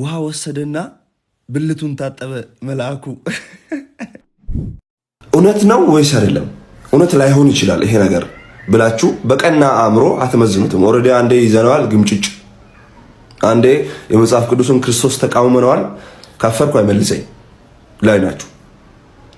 ውሃ ወሰደና ብልቱን ታጠበ መልአኩ። እውነት ነው ወይስ አይደለም? እውነት ላይሆን ይችላል ይሄ ነገር ብላችሁ በቀና አእምሮ አትመዝኑትም። ኦልሬዲ አንዴ ይዘነዋል ግምጭጭ፣ አንዴ የመጽሐፍ ቅዱስን ክርስቶስ ተቃውመነዋል። ካፈርኩ አይመልሰኝ ላይ ናችሁ።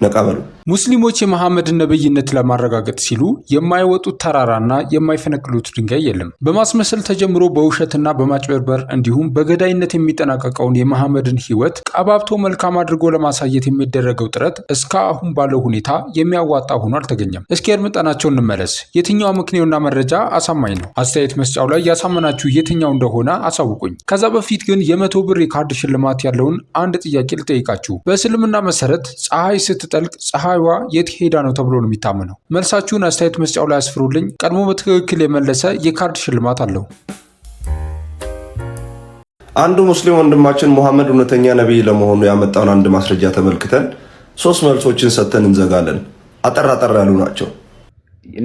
ነቃ በሉ። ሙስሊሞች የመሐመድን ነብይነት ለማረጋገጥ ሲሉ የማይወጡት ተራራና የማይፈነቅሉት ድንጋይ የለም። በማስመሰል ተጀምሮ በውሸትና በማጭበርበር እንዲሁም በገዳይነት የሚጠናቀቀውን የመሐመድን ሕይወት ቀባብቶ መልካም አድርጎ ለማሳየት የሚደረገው ጥረት እስከ አሁን ባለው ሁኔታ የሚያዋጣ ሆኖ አልተገኘም። እስኪ እርምጠናቸው እንመለስ። የትኛው ምክንያውና መረጃ አሳማኝ ነው? አስተያየት መስጫው ላይ ያሳመናችሁ የትኛው እንደሆነ አሳውቁኝ። ከዛ በፊት ግን የመቶ ብር የካርድ ሽልማት ያለውን አንድ ጥያቄ ልጠይቃችሁ። በእስልምና መሰረት ፀሐይ ስትጠልቅ ፀሐይ ፀሐይዋ የት ሄዳ ነው ተብሎ ነው የሚታመነው። መልሳችሁን አስተያየት መስጫው ላይ አስፍሩልኝ። ቀድሞ በትክክል የመለሰ የካርድ ሽልማት አለው። አንዱ ሙስሊም ወንድማችን ሙሐመድ እውነተኛ ነቢይ ለመሆኑ ያመጣውን አንድ ማስረጃ ተመልክተን ሶስት መልሶችን ሰጥተን እንዘጋለን። አጠር አጠር ያሉ ናቸው።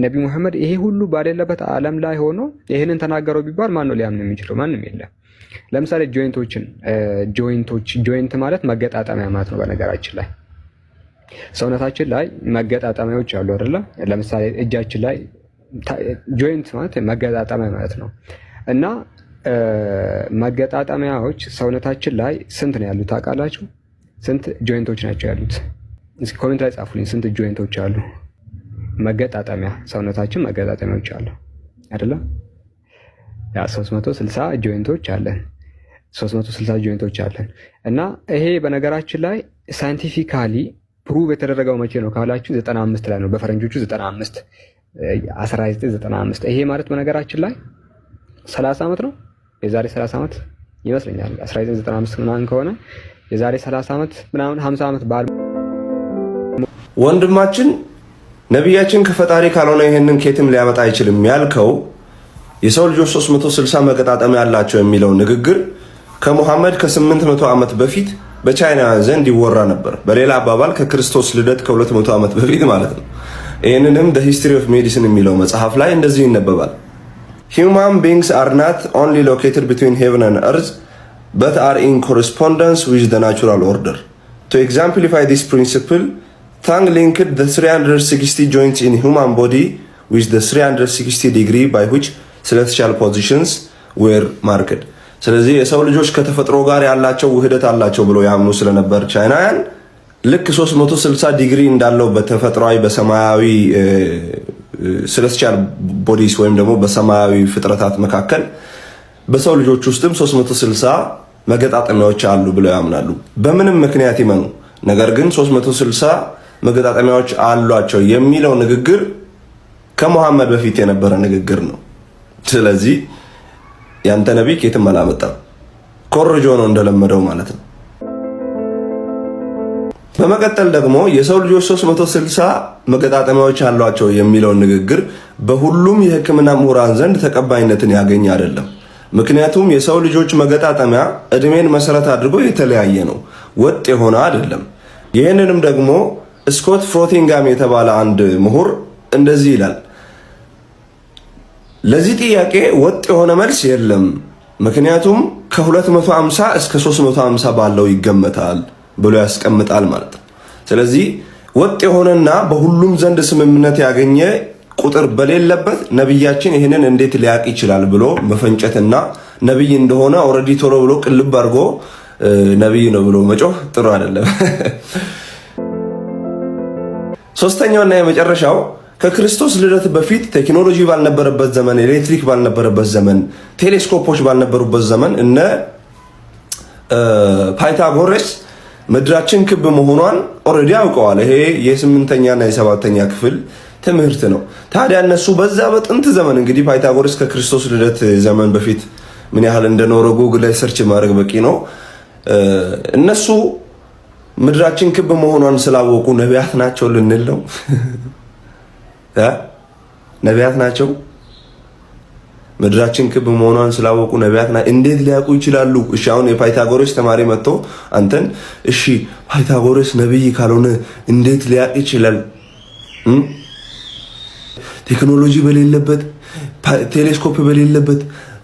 ነቢ ሙሐመድ ይሄ ሁሉ ባሌለበት ዓለም ላይ ሆኖ ይህንን ተናገረው ቢባል ማን ነው ሊያምን የሚችለው? ማንም የለም። ለምሳሌ ጆይንቶችን ጆይንቶች ጆይንት ማለት መገጣጠሚያ ማለት ነው በነገራችን ላይ ሰውነታችን ላይ መገጣጠሚያዎች አሉ አይደለ? ለምሳሌ እጃችን ላይ ጆይንት ማለት መገጣጠሚያ ማለት ነው። እና መገጣጠሚያዎች ሰውነታችን ላይ ስንት ነው ያሉት ታውቃላችሁ? ስንት ጆይንቶች ናቸው ያሉት? እስኪ ኮሜንት ላይ ጻፉልኝ። ስንት ጆይንቶች አሉ? መገጣጠሚያ ሰውነታችን መገጣጠሚያዎች አሉ አይደለ? ያ 360 ጆይንቶች አለን 360 ጆይንቶች አለን። እና ይሄ በነገራችን ላይ ሳይንቲፊካሊ ፕሩቭ የተደረገው መቼ ነው ካላችሁ 95 ላይ ነው በፈረንጆቹ 95 1995 ይሄ ማለት በነገራችን ላይ 30 ዓመት ነው የዛሬ 30 ዓመት ይመስለኛል 1995 ምናምን ከሆነ የዛሬ 30 ዓመት ምናምን 50 ዓመት በዓል ወንድማችን ነቢያችን ከፈጣሪ ካልሆነ ይህንን ኬትም ሊያመጣ አይችልም ያልከው የሰው ልጆች 360 መገጣጠሚያ ያላቸው የሚለው ንግግር ከሙሐመድ ከ800 ዓመት በፊት በቻይና ዘንድ ይወራ ነበር። በሌላ አባባል ከክርስቶስ ልደት ከ200 ዓመት በፊት ማለት ነው። ይህንንም ደ ሂስትሪ ኦፍ ሜዲሲን የሚለው መጽሐፍ ላይ እንደዚህ ይነበባል። ሂውማን ቢንግስ አር ናት ኦንሊ ሎኬትድ ቢትዊን ሄቨን አንድ እርዝ በት አር ኢን ኮረስፖንደንስ ዊዝ ደ ናቹራል ኦርደር ቱ ኤግዛምፕሊፋይ ዲስ ፕሪንስፕል ታንግ ሊንክድ ደ 360 ጆይንት ኢን ሁማን ቦዲ ዊዝ ደ 360 ዲግሪ ባይ ዊች ስለተሻል ፖዚሽንስ ዌር ማርክድ ስለዚህ የሰው ልጆች ከተፈጥሮ ጋር ያላቸው ውህደት አላቸው ብሎ ያምኑ ስለነበር ቻይናውያን ልክ 360 ዲግሪ እንዳለው በተፈጥሯዊ በሰማያዊ ስለስቻል ቦዲስ ወይም ደግሞ በሰማያዊ ፍጥረታት መካከል በሰው ልጆች ውስጥም 360 መገጣጠሚያዎች አሉ ብለው ያምናሉ። በምንም ምክንያት ይመኑ፣ ነገር ግን 360 መገጣጠሚያዎች አሏቸው የሚለው ንግግር ከመሐመድ በፊት የነበረ ንግግር ነው። ስለዚህ ያንተ ነቢይ ከየትም አላመጣም። ኮርጆ ነው እንደለመደው ማለት ነው። በመቀጠል ደግሞ የሰው ልጆች 360 መገጣጠሚያዎች አሏቸው የሚለውን ንግግር በሁሉም የሕክምና ምሁራን ዘንድ ተቀባይነትን ያገኝ አይደለም። ምክንያቱም የሰው ልጆች መገጣጠሚያ እድሜን መሰረት አድርጎ የተለያየ ነው፣ ወጥ የሆነ አይደለም። ይህንንም ደግሞ ስኮት ፍሮቲንጋም የተባለ አንድ ምሁር እንደዚህ ይላል። ለዚህ ጥያቄ ወጥ የሆነ መልስ የለም። ምክንያቱም ከ250 እስከ 350 ባለው ይገመታል ብሎ ያስቀምጣል ማለት ነው። ስለዚህ ወጥ የሆነና በሁሉም ዘንድ ስምምነት ያገኘ ቁጥር በሌለበት ነቢያችን ይህንን እንዴት ሊያቅ ይችላል ብሎ መፈንጨትና ነቢይ እንደሆነ ኦልሬዲ ቶሎ ብሎ ቅልብ አድርጎ ነቢይ ነው ብሎ መጮህ ጥሩ አይደለም። ሶስተኛውና የመጨረሻው ከክርስቶስ ልደት በፊት ቴክኖሎጂ ባልነበረበት ዘመን፣ ኤሌክትሪክ ባልነበረበት ዘመን፣ ቴሌስኮፖች ባልነበሩበት ዘመን እነ ፓይታጎረስ ምድራችን ክብ መሆኗን ኦልሬዲ አውቀዋል። ይሄ የስምንተኛና የሰባተኛ ክፍል ትምህርት ነው። ታዲያ እነሱ በዛ በጥንት ዘመን እንግዲህ ፓይታጎረስ ከክርስቶስ ልደት ዘመን በፊት ምን ያህል እንደኖረ ጉግል ላይ ሰርች ማድረግ በቂ ነው። እነሱ ምድራችን ክብ መሆኗን ስላወቁ ነቢያት ናቸው ልንል ነው። ነቢያት ናቸው። ምድራችን ክብ መሆኗን ስላወቁ ነቢያት ናቸው። እንዴት ሊያውቁ ይችላሉ? እሺ አሁን የፓይታጎረስ ተማሪ መጥቶ አንተን እሺ ፓይታጎረስ ነብይ ካልሆነ እንዴት ሊያውቅ ይችላል? ቴክኖሎጂ በሌለበት ቴሌስኮፕ በሌለበት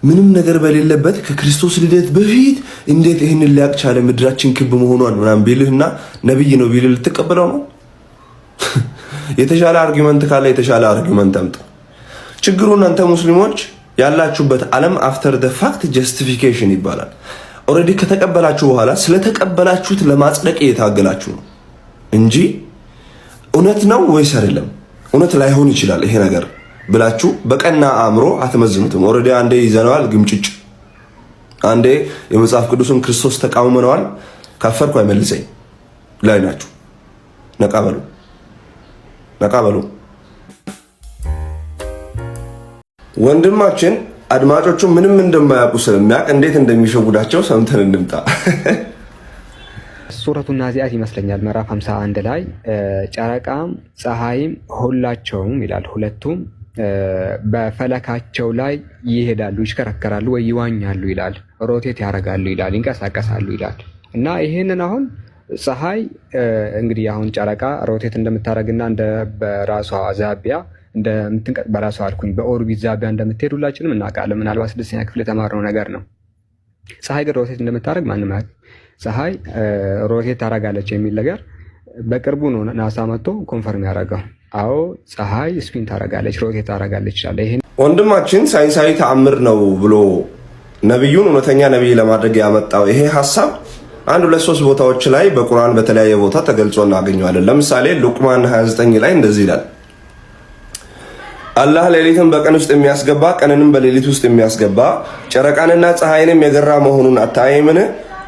ምንም ነገር በሌለበት ከክርስቶስ ልደት በፊት እንዴት ይህንን ሊያቅ ቻለ? ምድራችን ክብ መሆኗን ምናምን ቢልህ እና ነብይ ነው ቢልህ ልትቀበለው ነው? የተሻለ አርጊመንት ካለ የተሻለ አርጊመንት አምጡ። ችግሩ እናንተ ሙስሊሞች ያላችሁበት ዓለም አፍተር ደ ፋክት ጀስቲፊኬሽን ይባላል። ኦልሬዲ ከተቀበላችሁ በኋላ ስለተቀበላችሁት ለማጽደቅ እየታገላችሁ ነው እንጂ እውነት ነው ወይስ አይደለም፣ እውነት ላይሆን ይችላል ይሄ ነገር ብላችሁ በቀና አእምሮ አትመዝኑትም። ኦልሬዲ አንዴ ይዘነዋል ግምጭጭ፣ አንዴ የመጽሐፍ ቅዱስን ክርስቶስ ተቃውመነዋል። ካፈርኩ አይመልሰኝ ላይ ናችሁ። ነቃ በሉ። በቃ በሉ። ወንድማችን አድማጮቹ ምንም እንደማያውቁ ስለሚያውቅ እንዴት እንደሚሸውዳቸው ሰምተን እንምጣ። ሱረቱ ናዚያት ይመስለኛል ምዕራፍ 51 ላይ ጨረቃም ፀሐይም ሁላቸውም ይላል ሁለቱም በፈለካቸው ላይ ይሄዳሉ፣ ይሽከረከራሉ ወይ ይዋኛሉ ይላል፣ ሮቴት ያደርጋሉ ይላል፣ ይንቀሳቀሳሉ ይላል እና ይህንን አሁን ፀሐይ እንግዲህ አሁን ጨረቃ ሮቴት እንደምታደርግና እንደ በራሷ ዛቢያ እንደምትንቀጥ በራሷ አልኩኝ በኦርቢት ዛቢያ እንደምትሄድ ሁላችንም እናውቃለን። ምናልባት ስድስተኛ ክፍል የተማርነው ነገር ነው። ፀሐይ ግን ሮቴት እንደምታደርግ ማንም ያህል ፀሐይ ሮቴት ታደርጋለች የሚል ነገር በቅርቡ ነው ናሳ መጥቶ ኮንፈርም ያደረገው። አዎ ፀሐይ ስፒን ታደርጋለች፣ ሮቴት ታደርጋለች ይላል። ይሄ ወንድማችን ሳይንሳዊ ተአምር ነው ብሎ ነቢዩን እውነተኛ ነቢይ ለማድረግ ያመጣው ይሄ ሀሳብ አንድ ሁለት ሶስት ቦታዎች ላይ በቁርአን በተለያየ ቦታ ተገልጾ እናገኘዋለን። ለምሳሌ ሉቅማን 29 ላይ እንደዚህ ይላል፣ አላህ ሌሊትን በቀን ውስጥ የሚያስገባ ቀንንም በሌሊት ውስጥ የሚያስገባ ጨረቃንና ፀሐይንም የገራ መሆኑን አታይምን?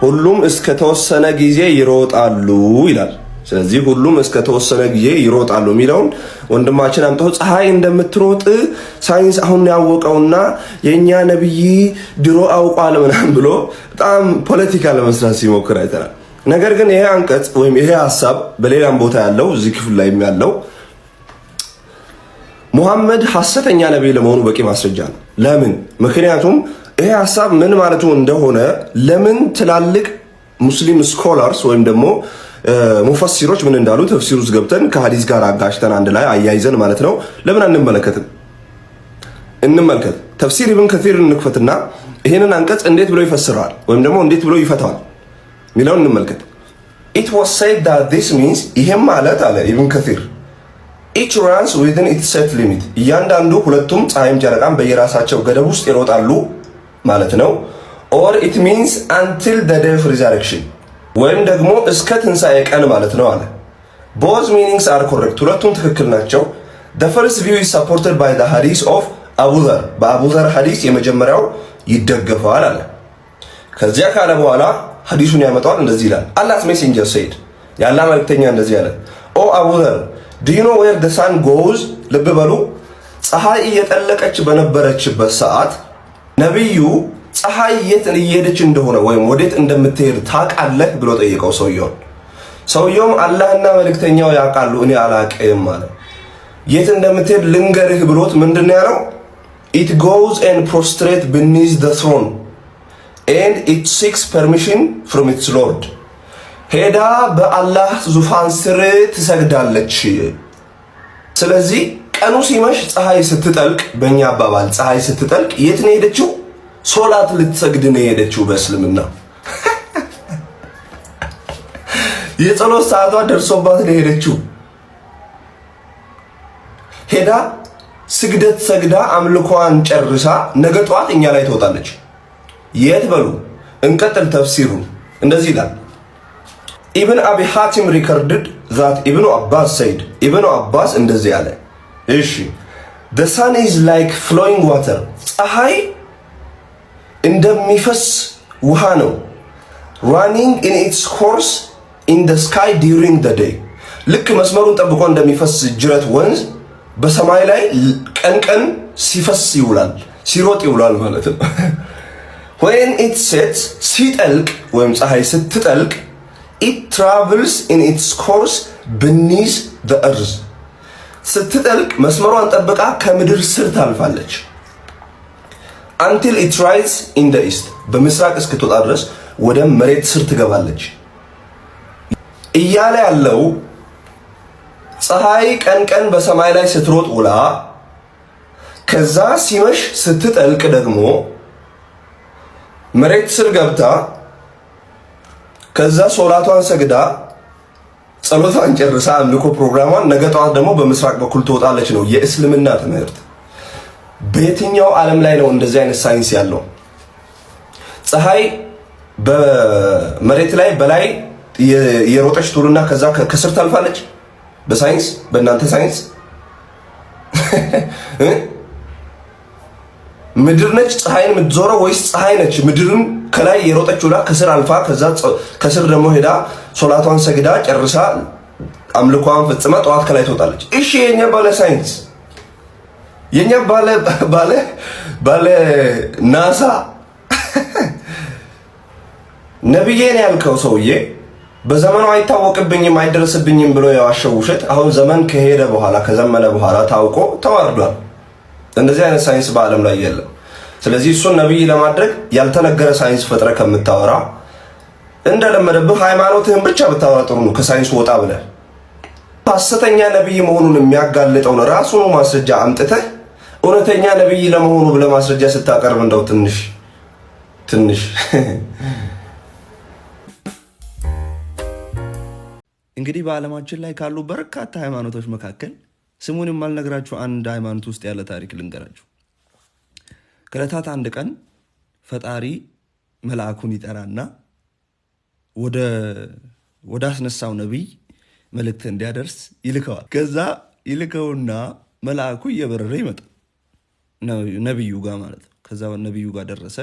ሁሉም እስከተወሰነ ጊዜ ይሮጣሉ ይላል። ስለዚህ ሁሉም እስከ ተወሰነ ጊዜ ይሮጣሉ የሚለውን ወንድማችን አምጥቶ ፀሐይ እንደምትሮጥ ሳይንስ አሁን ያወቀውና የእኛ ነብይ ድሮ አውቋል ምናምን ብሎ በጣም ፖለቲካ ለመስራት ሲሞክር አይተናል። ነገር ግን ይሄ አንቀጽ ወይም ይሄ ሀሳብ በሌላም ቦታ ያለው እዚህ ክፍል ላይ ያለው ሙሐመድ ሐሰተኛ ነቢይ ለመሆኑ በቂ ማስረጃ ነው። ለምን? ምክንያቱም ይሄ ሀሳብ ምን ማለቱ እንደሆነ ለምን ትላልቅ ሙስሊም ስኮላርስ ወይም ደግሞ ሙፈሲሮች ምን እንዳሉ ተፍሲር ውስጥ ገብተን ከሀዲስ ጋር አጋሽተን አንድ ላይ አያይዘን ማለት ነው ለምን አንመለከትም? እንመልከት። ተፍሲር ኢብን ከሲርን እንክፈትና ይሄንን አንቀጽ እንዴት ብሎ ይፈስረዋል ወይም ደግሞ እንዴት ብሎ ይፈታዋል የሚለውን እንመልከት። ኢት ዋስ ሴድ ዳት ዚስ ሚንስ ይሄም ማለት አለ ኢብን ከሲር ኢች ራንስ ዊዝን ኢት ሴት ሊሚት እያንዳንዱ ሁለቱም ፀሐይም ጨረቃም በየራሳቸው ገደብ ውስጥ ይሮጣሉ ማለት ነው ኦር ኢት ሚንስ አንቲል ዘ ዴይ ኦፍ ሪዘረክሽን ወይም ደግሞ እስከ ትንሣኤ ቀን ማለት ነው አለ። ቦዝ ሚኒንግስ አር ኮሬክት፣ ሁለቱም ትክክል ናቸው። ዘ ፈርስት ቪው ኢዝ ሰፖርትድ ባይ ዘ ሐዲስ ኦፍ አቡዘር፣ በአቡዘር ሐዲስ የመጀመሪያው ይደገፈዋል አለ። ከዚያ ካለ በኋላ ሐዲሱን ያመጣዋል። እንደዚህ ይላል አላት ሜሴንጀር ሰይድ፣ ያላ መልክተኛ እንደዚህ አለ ኦ አቡዘር ኖ ዌር ዘ ሳን ጎውዝ። ልብ በሉ ፀሐይ እየጠለቀች በነበረችበት ሰዓት ነቢዩ ፀሐይ የት እየሄደች እንደሆነ ወይም ወዴት እንደምትሄድ ታውቃለህ ብሎ ጠይቀው ሰውየውን። ሰውየውም አላህና መልእክተኛው ያውቃሉ፣ እኔ አላቅም ማለት የት እንደምትሄድ ልንገርህ ብሎት ምንድን ያለው? ኢት ጎዝ ኤንድ ፕሮስትሬት ቢኒዝ ዘ ትሮን ኤንድ ኢት ሲክስ ፐርሚሽን ፍሮም ኢትስ ሎርድ ሄዳ በአላህ ዙፋን ስር ትሰግዳለች። ስለዚህ ቀኑ ሲመሽ ፀሐይ ስትጠልቅ፣ በእኛ አባባል ፀሐይ ስትጠልቅ የት ነው የሄደችው? ሶላት ልትሰግድ ነው የሄደችው። በእስልምና የጸሎት ሰዓቷ ደርሶባት ነው የሄደችው። ሄዳ ስግደት ሰግዳ አምልኮዋን ጨርሳ ነገ ጠዋት እኛ ላይ ትወጣለች። የት በሉ እንቀጥል። ተፍሲሩ እንደዚህ ይላል። ኢብን አቢ ሐቲም ሪከርድድ ዛት ኢብኑ አባስ ሰይድ ኢብኑ አባስ እንደዚህ አለ። እሺ ሳን ሰን ኢዝ ላይክ ፍሎዊንግ ዋተር ፀሐይ እንደሚፈስ ውሃ ነው። ራኒንግ ኢን ኢትስ ኮርስ ኢን ደ ስካይ ዲሪንግ ደ ዴይ ልክ መስመሩን ጠብቆ እንደሚፈስ ጅረት ወንዝ በሰማይ ላይ ቀን ቀን ሲፈስ ይውላል፣ ሲሮጥ ይውላል ማለት ነው። ወን ኢት ሴት ሲጠልቅ ወይም ፀሐይ ስትጠልቅ ኢት ትራቭልስ ኢን ኢትስ ኮርስ ብኒዝ ዘ እርዝ ስትጠልቅ መስመሯን ጠብቃ ከምድር ስር ታልፋለች። አንቲል ኢት ራይዝ ኢን ደ ኢስት በምስራቅ እስክትወጣ ድረስ ወደ መሬት ስር ትገባለች እያለ ያለው ፀሐይ ቀን ቀን በሰማይ ላይ ስትሮጥ ውላ ከዛ ሲመሽ ስትጠልቅ ደግሞ መሬት ስር ገብታ ከዛ ሶላቷን ሰግዳ ጸሎቷን ጨርሳ አምልኮ ፕሮግራሟን ነገ ጠዋት ደግሞ በምስራቅ በኩል ትወጣለች ነው የእስልምና ትምህርት። በየትኛው ዓለም ላይ ነው እንደዚህ አይነት ሳይንስ ያለው? ፀሐይ በመሬት ላይ በላይ የሮጠች ቱሉና ከዛ ከስር ታልፋለች። በሳይንስ በእናንተ ሳይንስ ምድር ነች ፀሐይን የምትዞረው ወይስ ፀሐይ ነች ምድርን ከላይ የሮጠች ውላ ከስር አልፋ ከዛ ከስር ደግሞ ሄዳ ሶላቷን ሰግዳ ጨርሳ አምልኳን ፈጽማ ጠዋት ከላይ ትወጣለች? እሺ የኛ ባለ ሳይንስ የኛ ባለ ባለ ባለ ናሳ ነብዬ ነው ያልከው ሰውዬ በዘመኑ አይታወቅብኝም አይደርስብኝም ብሎ የዋሸው ውሸት አሁን ዘመን ከሄደ በኋላ ከዘመነ በኋላ ታውቆ ተዋርዷል። እንደዚህ አይነት ሳይንስ በዓለም ላይ የለም። ስለዚህ እሱን ነብይ ለማድረግ ያልተነገረ ሳይንስ ፈጥረ ከምታወራ እንደለመደብህ ሃይማኖትህን ብቻ ብታወራ ጥሩ ነው። ከሳይንስ ወጣ ብለህ ሐሰተኛ ነብይ መሆኑን የሚያጋልጠውን ራሱን ማስረጃ አምጥተህ እውነተኛ ነብይ ለመሆኑ ለማስረጃ ስታቀርብ እንደው ትንሽ ትንሽ እንግዲህ በዓለማችን ላይ ካሉ በርካታ ሃይማኖቶች መካከል ስሙን የማልነግራችሁ አንድ ሃይማኖት ውስጥ ያለ ታሪክ ልንገራችሁ። ከዕለታት አንድ ቀን ፈጣሪ መልአኩን ይጠራና ወደ አስነሳው ነቢይ መልእክት እንዲያደርስ ይልከዋል። ከዛ ይልከውና መልአኩ እየበረረ ይመጣል። ነብዩ ጋር ማለት ነው። ከዛ ነብዩ ጋር ደረሰ።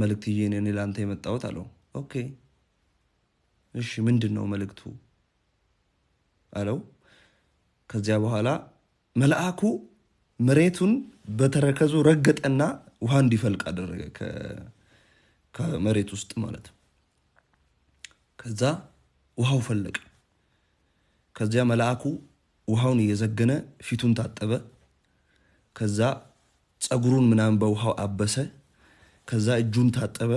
መልእክትዬ እኔ ለአንተ የመጣሁት አለው። ኦኬ እሺ፣ ምንድን ነው መልእክቱ አለው። ከዚያ በኋላ መልአኩ መሬቱን በተረከዙ ረገጠና ውሃ እንዲፈልቅ አደረገ፣ ከመሬት ውስጥ ማለት ነው። ከዛ ውሃው ፈለቀ። ከዚያ መልአኩ ውሃውን እየዘገነ ፊቱን ታጠበ። ከዛ ፀጉሩን ምናምን በውሃው አበሰ። ከዛ እጁን ታጠበ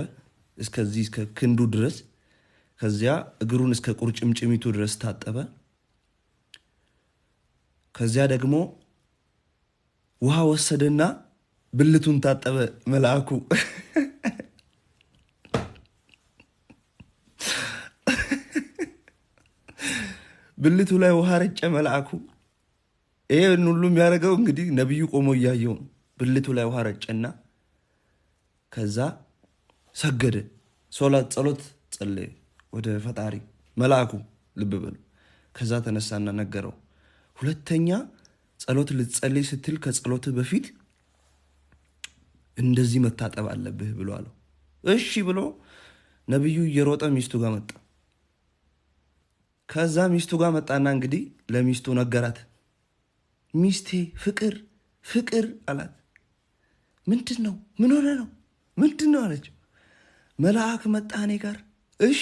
እስከዚህ እስከ ክንዱ ድረስ። ከዚያ እግሩን እስከ ቁርጭምጭሚቱ ድረስ ታጠበ። ከዚያ ደግሞ ውሃ ወሰደና ብልቱን ታጠበ መልአኩ። ብልቱ ላይ ውሃ ረጨ መልአኩ። ይህን ሁሉ የሚያደርገው እንግዲህ ነቢዩ ቆሞ እያየው ነው። ብልቱ ላይ ውሃ ረጨና ከዛ ሰገደ። ሶላት ጸሎት ጸለየ ወደ ፈጣሪ መልአኩ ልብ በሉ። ከዛ ተነሳና ነገረው። ሁለተኛ ጸሎት ልትጸልይ ስትል ከጸሎት በፊት እንደዚህ መታጠብ አለብህ ብሎ አለው። እሺ ብሎ ነቢዩ እየሮጠ ሚስቱ ጋር መጣ። ከዛ ሚስቱ ጋር መጣና እንግዲህ ለሚስቱ ነገራት። ሚስቴ ፍቅር ፍቅር አላት። ምንድን ነው ምን ሆነ ነው ምንድን ነው አለችው። መልአክ መጣ እኔ ጋር። እሺ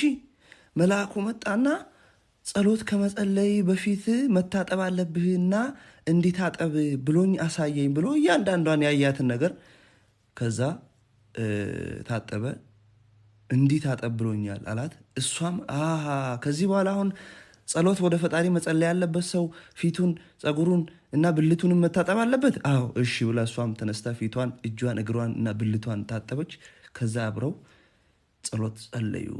መልአኩ መጣና ጸሎት ከመጸለይ በፊት መታጠብ አለብህና እንዲታጠብ ብሎኝ አሳየኝ ብሎ እያንዳንዷን ያያትን ነገር ከዛ ታጠበ። እንዲታጠብ ብሎኛል አላት። እሷም አሃ ከዚህ በኋላ አሁን ጸሎት ወደ ፈጣሪ መጸለይ ያለበት ሰው ፊቱን፣ ጸጉሩን እና ብልቱንም መታጠብ አለበት። አዎ እሺ ብላ እሷም ተነስታ ፊቷን፣ እጇን፣ እግሯን እና ብልቷን ታጠበች። ከዛ አብረው ጸሎት ጸለዩ።